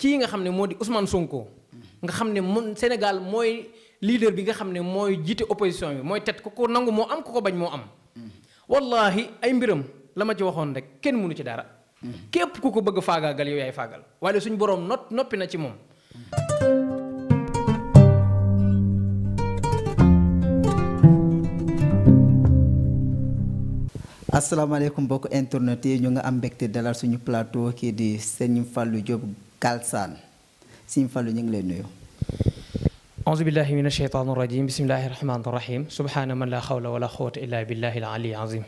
kii nga xam ne moo di Ousmane Sonko nga xam ne mun Sénégal mooy leader bi nga xam ne mooy jiite opposition yi mooy tet ku ko nangu moo am ku ko bañ moo am wallahi ay mbiram la ma ci waxoon rek kenn mënu ci dara képp ku ko bëgg faagaagal yow yaay faagal waaye suñ boroom not noppi na ci moom asalaamaaleykum mbokk internet yi ñu nga am mbégte dalal suñu plateau kii di Serigne Fallou Diop كالسان سينفلو نجلي نيو أعوذ بالله من الشيطان الرجيم بسم الله الرحمن الرحيم سبحان من لا حول ولا قوة إلا بالله العلي العظيم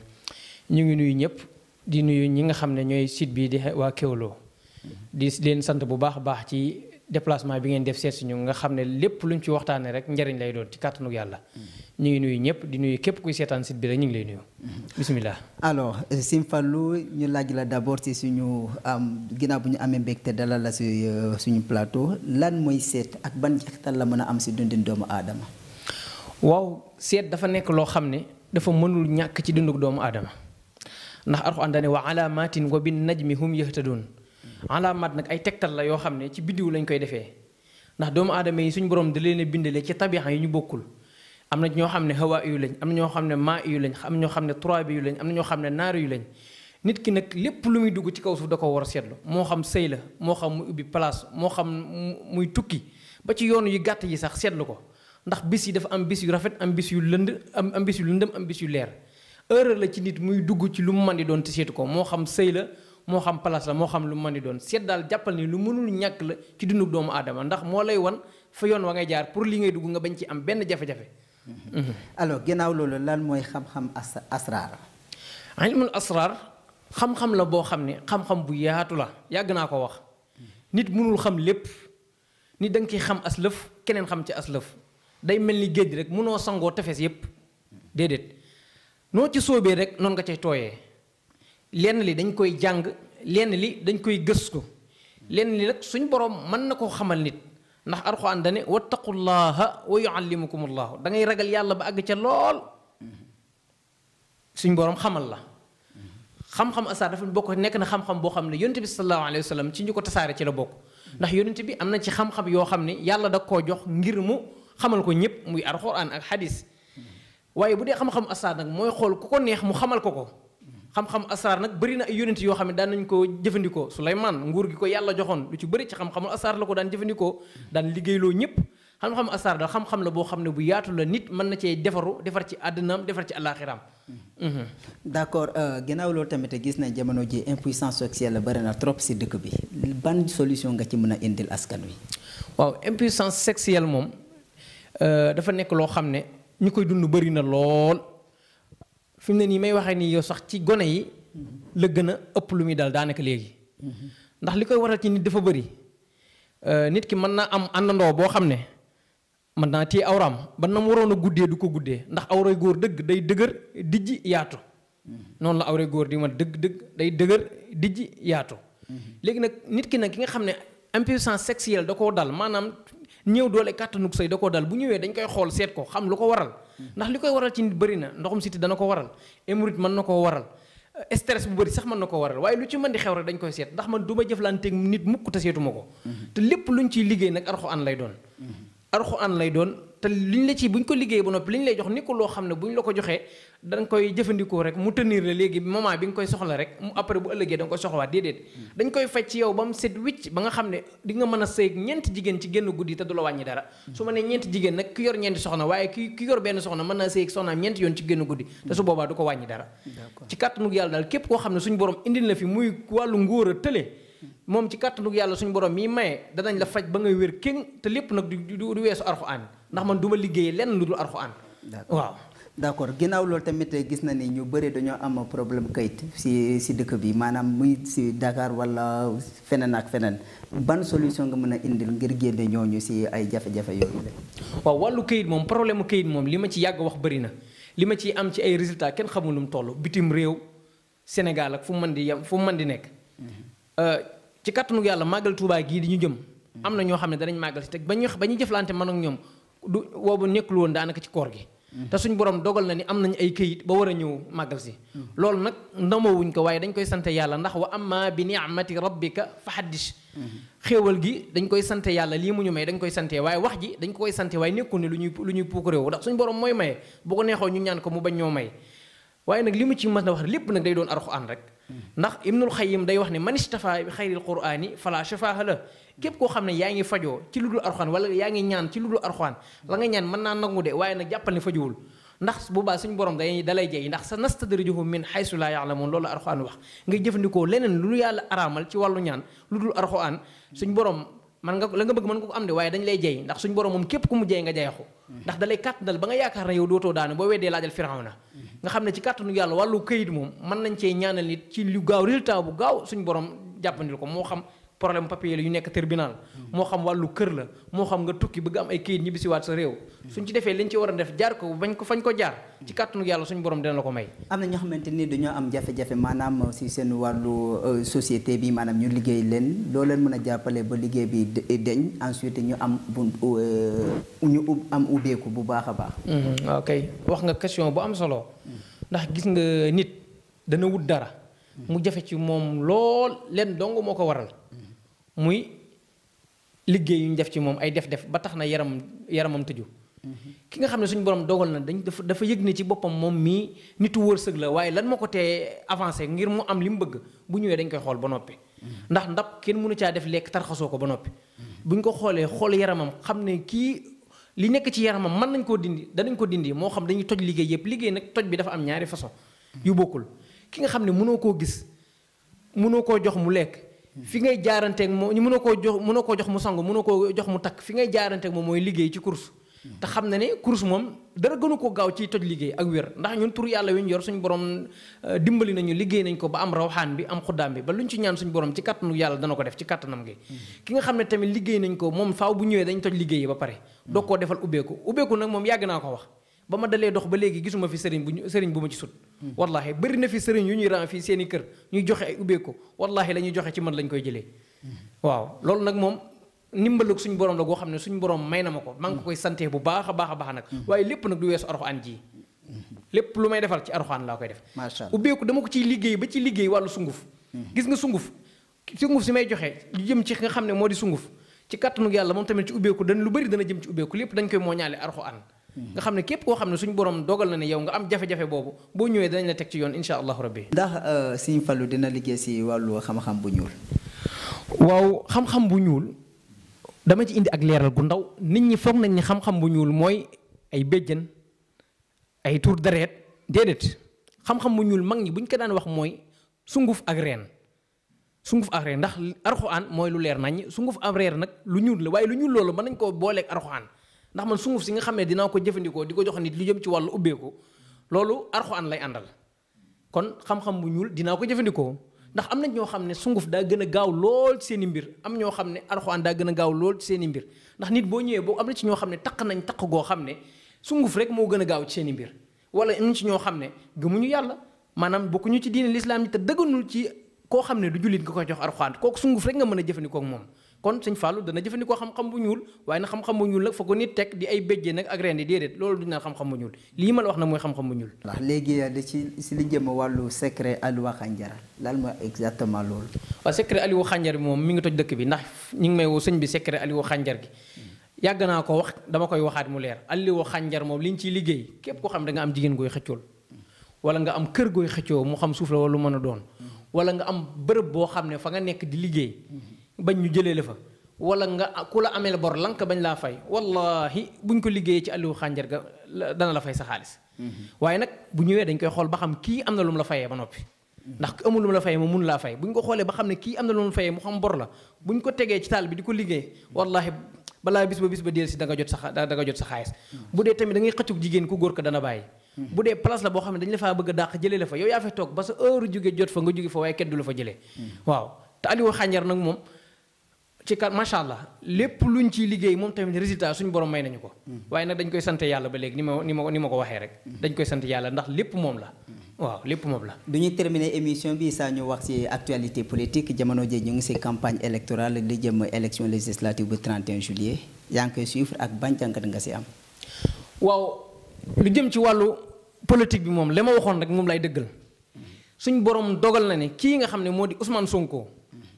نيو نيو نيب دي نيو نيو خامن نيو سيت بي دي وا كيولو دي لين سانت بو باخ باخ تي déplacement bi ngeen def seet suñu nga xam ne lépp luñ ci waxtaanee rek njariñ lay doon ci kàttanug yàlla. ñu ngi nuyu ñëpp di nuyu képp kuy seetaan site bi rek ñu ngi lay nuyu. bisimilah. alors euh, Sëñ Fallou ñu laaj la d' abord si suñu am ginnaaw bu ñu amee mbégte dalal la si euh, suñu plateau lan mooy seet ak ban jeexital la mën a am si dundin doomu aadama. waaw seet dafa nekk loo xam ne dafa mënul ñàkk ci dundug doomu aadama ndax Alxuraan dafa ne wa alaamaatin wa bin najmi hum yahtadun alaamaat nag ay tegtal la yoo xam ne ci biddiw lañ koy defee ndax doomu aadama yi suñ borom di leen bindalee ci tabixa yi ñu bokkul am na ñoo xam ne hawaa yu lañ am na ñoo xam ne maa yu lañ am na ñoo xam ne turaabi yu lañ am na ñoo xam ne naar yu lañ nit ki nag lépp lu muy dugg ci kaw suuf da ko war a seetlu moo xam sëy la moo xam muy ubbi place moo xam muy tukki ba ci yoon yu gàtt yi sax seetlu ko ndax bis yi dafa am bis yu rafet am bis yu lënd am am bis yu lëndëm am leer erreur la ci nit muy dugg ci lu mu mën di doon te seetu ko moo xam sëy la moo xam place la moo xam lu mën di doon seet daal jàppal ni lu mënul ñàkk la ci dundu doomu aadama ndax moo lay wan fa yoon wa ngay jaar pour li ngay dugg nga bañ ci am benn jafe-jafe. Mm-hmm. alors ginnaaw loolu lan mooy xam-xam as asraar. ilmul asraar xam-xam la boo xam ne xam bu yaatu la yàgg naa ko wax nit mënul xam lépp nit danga koy xam as keneen xam ci as day mel ni géej rek mënoo sangoo tefes yépp déedéet noo ci soobee rek noonu nga cay tooyee. lenn li dañ koy jàng lenn li dañ koy gëstu lenn li nag suñ borom mën na koo xamal nit ndax alxuraan dane wattaqullaha wa yuallimukumullaahu da ngay ragal yàlla ba àgg ca lool suñ borom xamal la xam-xam asaar dafa bokk nekk na xam-xam boo xam ne yonent bi sallallahu alayhi wa sallam ci ñu ko tasaare ci la bokk ndax yonent bi am na ci xam-xam yoo xam ne yàlla da koo jox ngir mu xamal ko ñëpp muy alxuraan ak xadis waaye bu dee xam-xam asaar nag mooy xool ku ko neex mu xamal ko ko xam-xam asraar nag bëri na ay yonent yoo xam ne daan nañ ko jëfandikoo Suleymaan nguur gi ko yàlla joxoon lu ci bëri ci xam-xamu asraar la ko daan jëfandikoo daan liggéeyloo ñëpp xam-xam asraar daal xam-xam la boo xam ne bu yaatu la nit mën na cee defaru defar ci àddinaam defar ci àllaaxiraam mhm. d'accord euh, ginnaaw loolu tamit gis nañ jamono ji impuissance sexuelle la bëri na trop si dëkk bi ban solution nga ci mën a indil askan wi waaw impuissance sexuelle moom euh, dafa nekk loo xam ne ñu koy dund bëri na lool fi ne nii may waxee nii yow sax ci gone yi la gën a ëpp lu muy dal daanaka léegi ndax li koy waral ci nit dafa bëri euh, nit ki mën naa am àndandoo boo xam ne mën naa téye awraam ba na mu waroon a guddee du ko guddee ndax awray góor dëgg day dëgër dijj yaatu noonu la awray góor di ma dëgg dëgg day dëgër dijj yaatu mm-hmm. léegi nag nit ki nag ki nga xam ne impuissance sexuelle da koo dal maanaam ñëw doole kàttanug sëy da koo dal bu ñëwee dañ koy xool seet ko xam lu ko waral ndax li koy waral ci nit bëri na ndoxum siti dana ko waral émorite mën na koo waral stress bu bëri sax mën na ko waral waaye lu ci mën di xew rek dañ koy seet ndax man du ma jëflanteeg nit mukk te seetuma ko te lépp luñ ciy liggéey nag arxu an lay doon arxu an lay doon te liñ la ci buñ ko liggéey ba noppi liñ lay jox nekkul loo xam ne bu ñu la ko joxee danga koy jëfandikoo rek mu tenir la léegi moment bi nga koy soxla rek mu après bu ëllëgee da nga koy soxlawaat déedéet hmm. dañ koy faj ci yow ba mu set wicc ba nga xam ne di nga mën a sëy ñeenti jigéen ci génn guddi te du la wàññi dara hmm. su ma ne ñeenti yor ñeenti soxna waaye ki ki yor benn soxna mën naa sëy soxnaam ñeenti yoon ci génn guddi te su hmm. boobaa du ko wàññi dara ci kàttanug yàlla daal képp koo xam ne suñu borom indil na fi muy wàllu ngóor a tële moom ci kàttanug yàlla suñu borom mi maye danañ la faj ba ngay wér kéng te lépp nag du weesu arxu aan ndax man duma liggéey lenn luddul alquran waaw d'accord ginaaw loolu tamit gis na ni ñu bëri dañoo am problème kayit si si dëkk bi maanaam muy si Dakar wala feneen ak feneen ban solution nga mën a indil ngir génne ñooñu si ay jafe-jafe yooyu la waaw wàllu kayit moom problème kayit moom li ma ci yàgg wax bëri na li ma ci am ci ay résultat kenn xamul lu mu toll bitim réew Sénégal ak fu mu mën di yam fu mu mën di nekk mhm. euh, ci kàttanu yàlla màggal Touba gii di ñu jëm am na ñoo xam ne danañ màggal si teg ba man ak ñoom du boobu nekkul woon daanaka ci koor gi. Mm-hmm. te suñu borom dogal na ni am nañ ay këyit ba war a ñëw màggal si. Mm-hmm. loolu nag ndamawuñ ko waaye dañ koy sant yàlla ndax wa amma bi ni'mati rabbika fa xaddis. Mm-hmm. xéewal gi dañ koy sant yàlla lii mu ñu may dañ koy santee waaye wax ji dañ koy sante waaye nekkul ne lu ñuy lu ñuy puukaréewu ndax suñu borom mooy maye bu ko neexoo ñu ñaan ko mu bañ ñoo may. waaye nag li mu ci mën na wax lépp nag day doon alxuraan rek. ndax Ibnul wax ne man istafa bi xayril quraani képp koo xam ne yaa ngi fajoo ci lu dul arxaan wala yaa ngi ñaan ci lu dul arxaan la nga ñaan mën naa nangu de waaye nag jàppal ni fajuwul ndax bu baa suñu borom day dalay jey ndax sa nastadrijuhum min haysu laa ya'lamuun loolu arxaan wax nga jëfandikoo leneen lu yàlla araamal ci wàllu ñaan lu dul borom lay jey ndax suñu borom moom képp ku mu jey nga jeyaxu ndax dalay kàttanal ba nga yaakaar ne yow dootoo daanu boo weddee laajal firawna nga xam ne ci kàttanu yàlla wàllu këyit moom mën nañ cee ñaanal nit ci lu gaaw résultat bu gaaw suñu borom jàppandil ko moo xam problème papier la yu nekk tribunal moo xam wàllu kër la moo xam nga tukki bëgg am ay kayit ñibbisiwaat sa réew suñ ci defee liñ ci war a def jaar ko bañ ko fañ ko jaar ci kàttanu yàlla suñu borom dina la ko may am na ñoo xamante ni dañoo am jafe-jafe maanaam si seen wàllu euh, société bi maanaam ñu liggéey leen loo leen mën a jàppale ba liggéey bi deñ ensuite ñu am bu euh, ñu am ubbeeku bu baax a baax mm-hmm. ok wax nga question bu am solo ndax gis nga nit dana wut dara mu jafe ci moom lool leen dong moo ko waral muy liggéey yu ñu def ci moom ay def-def ba tax na yaram yaramam tëju. Mm-hmm. ki nga xam ne suñu borom dogal na dañ dafa dafa yëg ne ci boppam moom mii nitu wërsëg la waaye lan moo ko tee avancé ngir mu am li mu bëgg bu ñëwee dañ koy xool ba noppi. Mm-hmm. ndax ndab kenn mënu caa def lekk tarxasoo ko ba noppi. Mm-hmm. buñ ko xoolee xool yaramam xam ne kii. li nekk ci yaramam mën nañ koo dindi danañ ko dindi moo xam dañuy toj liggéey yëpp liggéey nag toj bi dafa am ñaari façon yu bokkul ki nga xam ne mënoo koo gis mënoo koo jox mu lekk fi ngay jaaranteeg moom ñu mënoo koo jox mënoo koo jox mu sangu mënoo koo jox mu takk fi ngay jaaranteeg moom mooy liggéey ci course te xam na ne course moom dara gënu ko gaaw ci toj liggéey ak wér ndax ñun tur yàlla wi ñu yor suñu borom euh, dimbali nañu liggéey nañ ko ba am rawxaan bi am xuddaam bi ba luñ ci ñaan suñ borom ci kàttanu yàlla dana ko def ci kàttanam gi ki nga xam ne tamit liggéey nañ ko moom faaw bu ñëwee dañ toj liggéey ba pare doo koo defal ubbeeku ubbeeku nag moom yàgg naa ko wax ba ma dalee dox ba léegi gisuma fi sëriñ bu ñu sëriñ bu ma ci sut hmm. wallahi bari na fi sëriñ yu ñuy ran fii seen i kër ñuy joxe ay ubbee ko wallahi la ñuy joxe ci man lañ koy jëlee hmm. waaw loolu nag moom nimbaluk suñ borom la goo xam ne suñu borom may na ma ko maa ngi hmm. koy santé bu baax a baax a baax nag waaye du weesu ji lépp lu may defal ci laa koy def ubbeeku dama ko ciy liggéey ba ci liggéey wàllu sunguf gis nga sunguf sunguf si may joxe lu jëm ci nga xam ne moo sunguf ci yàlla moom tamit ci ubbeeku dan lu bari dana jëm ci ubbeeku lépp dañ koy mooñaale nga xam ne képp koo xam ne suñu borom dogal na ne yow nga am jafe-jafe boobu boo ñëwee danañ la teg ci yoon incha allahu rabbi. ndax euh, Sëriñ Fallu dina liggéey si wàllu xam-xam bu ñuul. waaw xam bu ñuul dama ci indi ak leeral gu ndaw nit ñi foog nañ ni xam bu ñuul mooy ay béjjën ay tur dareet déedéet xam-xam ñuul mag ñi bu ko daan wax mooy sunguf ak reen. sunguf ak reer ndax arxuaan mooy lu leer nañ sunguf ak nag lu ñuul la waaye lu ñuul loolu mën nañ koo booleeg arxuaan ndax man sunguf si nga xam ne dinaa ko jëfandikoo di ko jox nit lu jëm ci wàllu ubbeeku loolu arxuraan lay àndal kon xam-xam bu ñuul dinaa ko jëfandikoo ndax am na ñoo xam ne sunguf daa gën a gaaw lool ci seen mbir am ñoo xam ne arxuraan daa gën gaaw lool seen mbir ndax nit boo ñëwee boobu am na ci ñoo xam ne taq nañ taq goo xam ne sunguf rek moo gën a gaaw ci seen i mbir wala am ci ñoo xam ne gëmuñu yàlla maanaam bokkuñu ci diine lislaam te dëgganul ci koo xam ne du jullit nga koy jox arxaan kooku sunguf rek nga mën a jëfandikoo moom kon sëñ Fallou dana jëfandikoo xam-xam bu ñuul waaye na xam-xam bu ñuul nag fa ko nit teg di ay béjjee nag ak reen di déedéet loolu duñ naan xam-xam bu ñuul lii ma la wax na mooy xam-xam bu ñuul ndax léegi da ci si li jëm wàllu secret Aliou Xànjara lan mooy exactement loolu waaw secret Aliou Xànjara bi moom mi ngi toj dëkk bi ndax ñu ngi may woo sëñ bi secret Aliou Xànjara gi yàgg naa ko wax dama koy waxaat mu leer Aliou Xànjara moom liñ ciy liggéey képp ko xam da nga am jigéen gooy xëccool wala nga am kër gooy xëccoo mu xam suuf la lu mën a doon wala nga am bërëb boo xam ne fa nga nekk di liggéey bañ ñu jëlee la fa wala nga ku la ameel bor lank bañ laa fay bu ñu ko liggéeyee ci àlliwu xànjar ga dana la fay sa xaalis mm-hmm. waaye nag bu ñëwee dañ koy xool ba xam kii am na lu mu fayee ba noppi mm-hmm. ndax amul lu mu la fayee mu mun fay bu ñu ko xoolee ba xam ne kii am na lu mu fayee mu xam bor la bu ñu ko tegee ci taal bi di ko liggéey wallahi balaa bis ba bis ba del si da nga jot sa da nga jot sa xaalis mm-hmm. bu dee tamit da ngay xëccug jigéen ku góor ko dana bàyyi bu dee place la boo xam ne dañu la bëgg a dàq jëlee la fa yow yaa fa toog ba sa heure jóge jot fa nga jóge fa waaye kenn fa jëlee mm. waaw te Aliou Xànjar nag moom ci kan macha allah lépp luñ ciy liggéey moom tamit résultat suñu borom may nañu ko mm. waaye nag dañ koy sant yàlla ba léegi ni ma ni ma ni ma ko waxee rek mm. dañ koy sant yàlla ndax lépp moom la waaw lépp moom la. du ñu terminer émission bi saa ñu wax ci actualité politique jamono jii ñu ngi si campagne électorale di jëm élection législative bu 31 juillet yaa ngi ak ban jàngat nga ci am. lu jëm ci walu politique bi moom li ma waxoon rek moom lay dëggal suñ borom dogal na ne kii nga xam ne moo di Ousmane Sonko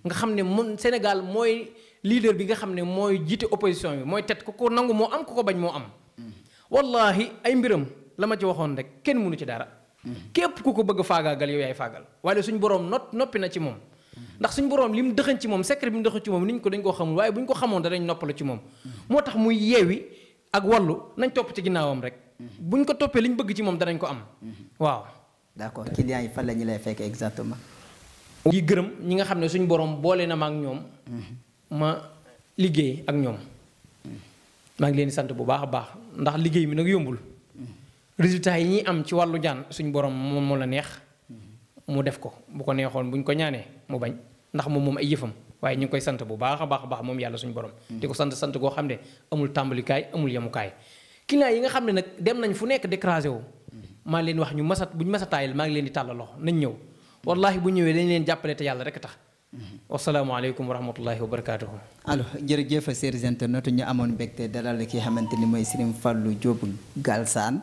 nga xam ne moom Sénégal mooy leader bi nga xam ne mooy jiite opposition bi mooy tet ko ko nangu moo am ko ko bañ moo am wallahi ay mbiram la ma ci waxoon rek kenn mënu ci dara képp ku ko bëgg faagaagal yow yaay faagal waaye suñ borom not noppi na ci moom ndax suñ borom lim mu ci moom secret bi mu dëxañ ci moom niñ ko dañ ko xamul waaye buñ ko xamoon dañ noppal ci moom moo tax muy yeewi ak wallu nañ topp ci ginnaawam rek buñ ko toppee li liñ bëgg ci moom danañ ko am. Mhm. waaw. d'accord clients yi fan la ñu lay fekk exactement. di gërëm ñi nga xam ne suñu borom boole na ma ak ñoom. Mhm. ma liggéey ak ñoom. Mhm. maa ngi leen sant bu baax a baax ndax liggéey mi nag yombul. résultat yi ñuy am ci wàllu jaan suñu borom moom moo la neex. mu def ko bu ko neexoon bu buñ ko ñaanee mu bañ ndax moom moom ay yëfam. waaye ñu ngi koy sant bu baax a baax baax moom yàlla suñu borom. di ko sant sant goo xam ne amul tàmbalikaay amul yemukaay. client yi nga xam ne nag dem nañ fu nekk décrasé wu maa leen wax ñu masa buñ masa taayal maa ngi leen di loxo nañ ñëw wallahi bu ñëwee dañ leen jàppale te yàlla rek tax wasalaamaaleykum wa rahmatullahi wa barakaatuhu alo jërëjëf chers internautes ñu amoon mbégte dalal ki xamante ni mooy Serigne Fallou Diop Galssane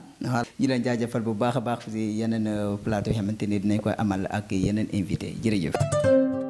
ñu leen jaajafal bu baax a baax si yeneen plateau yi xamante ni dinañ koy amal ak yeneen invité jërëjëf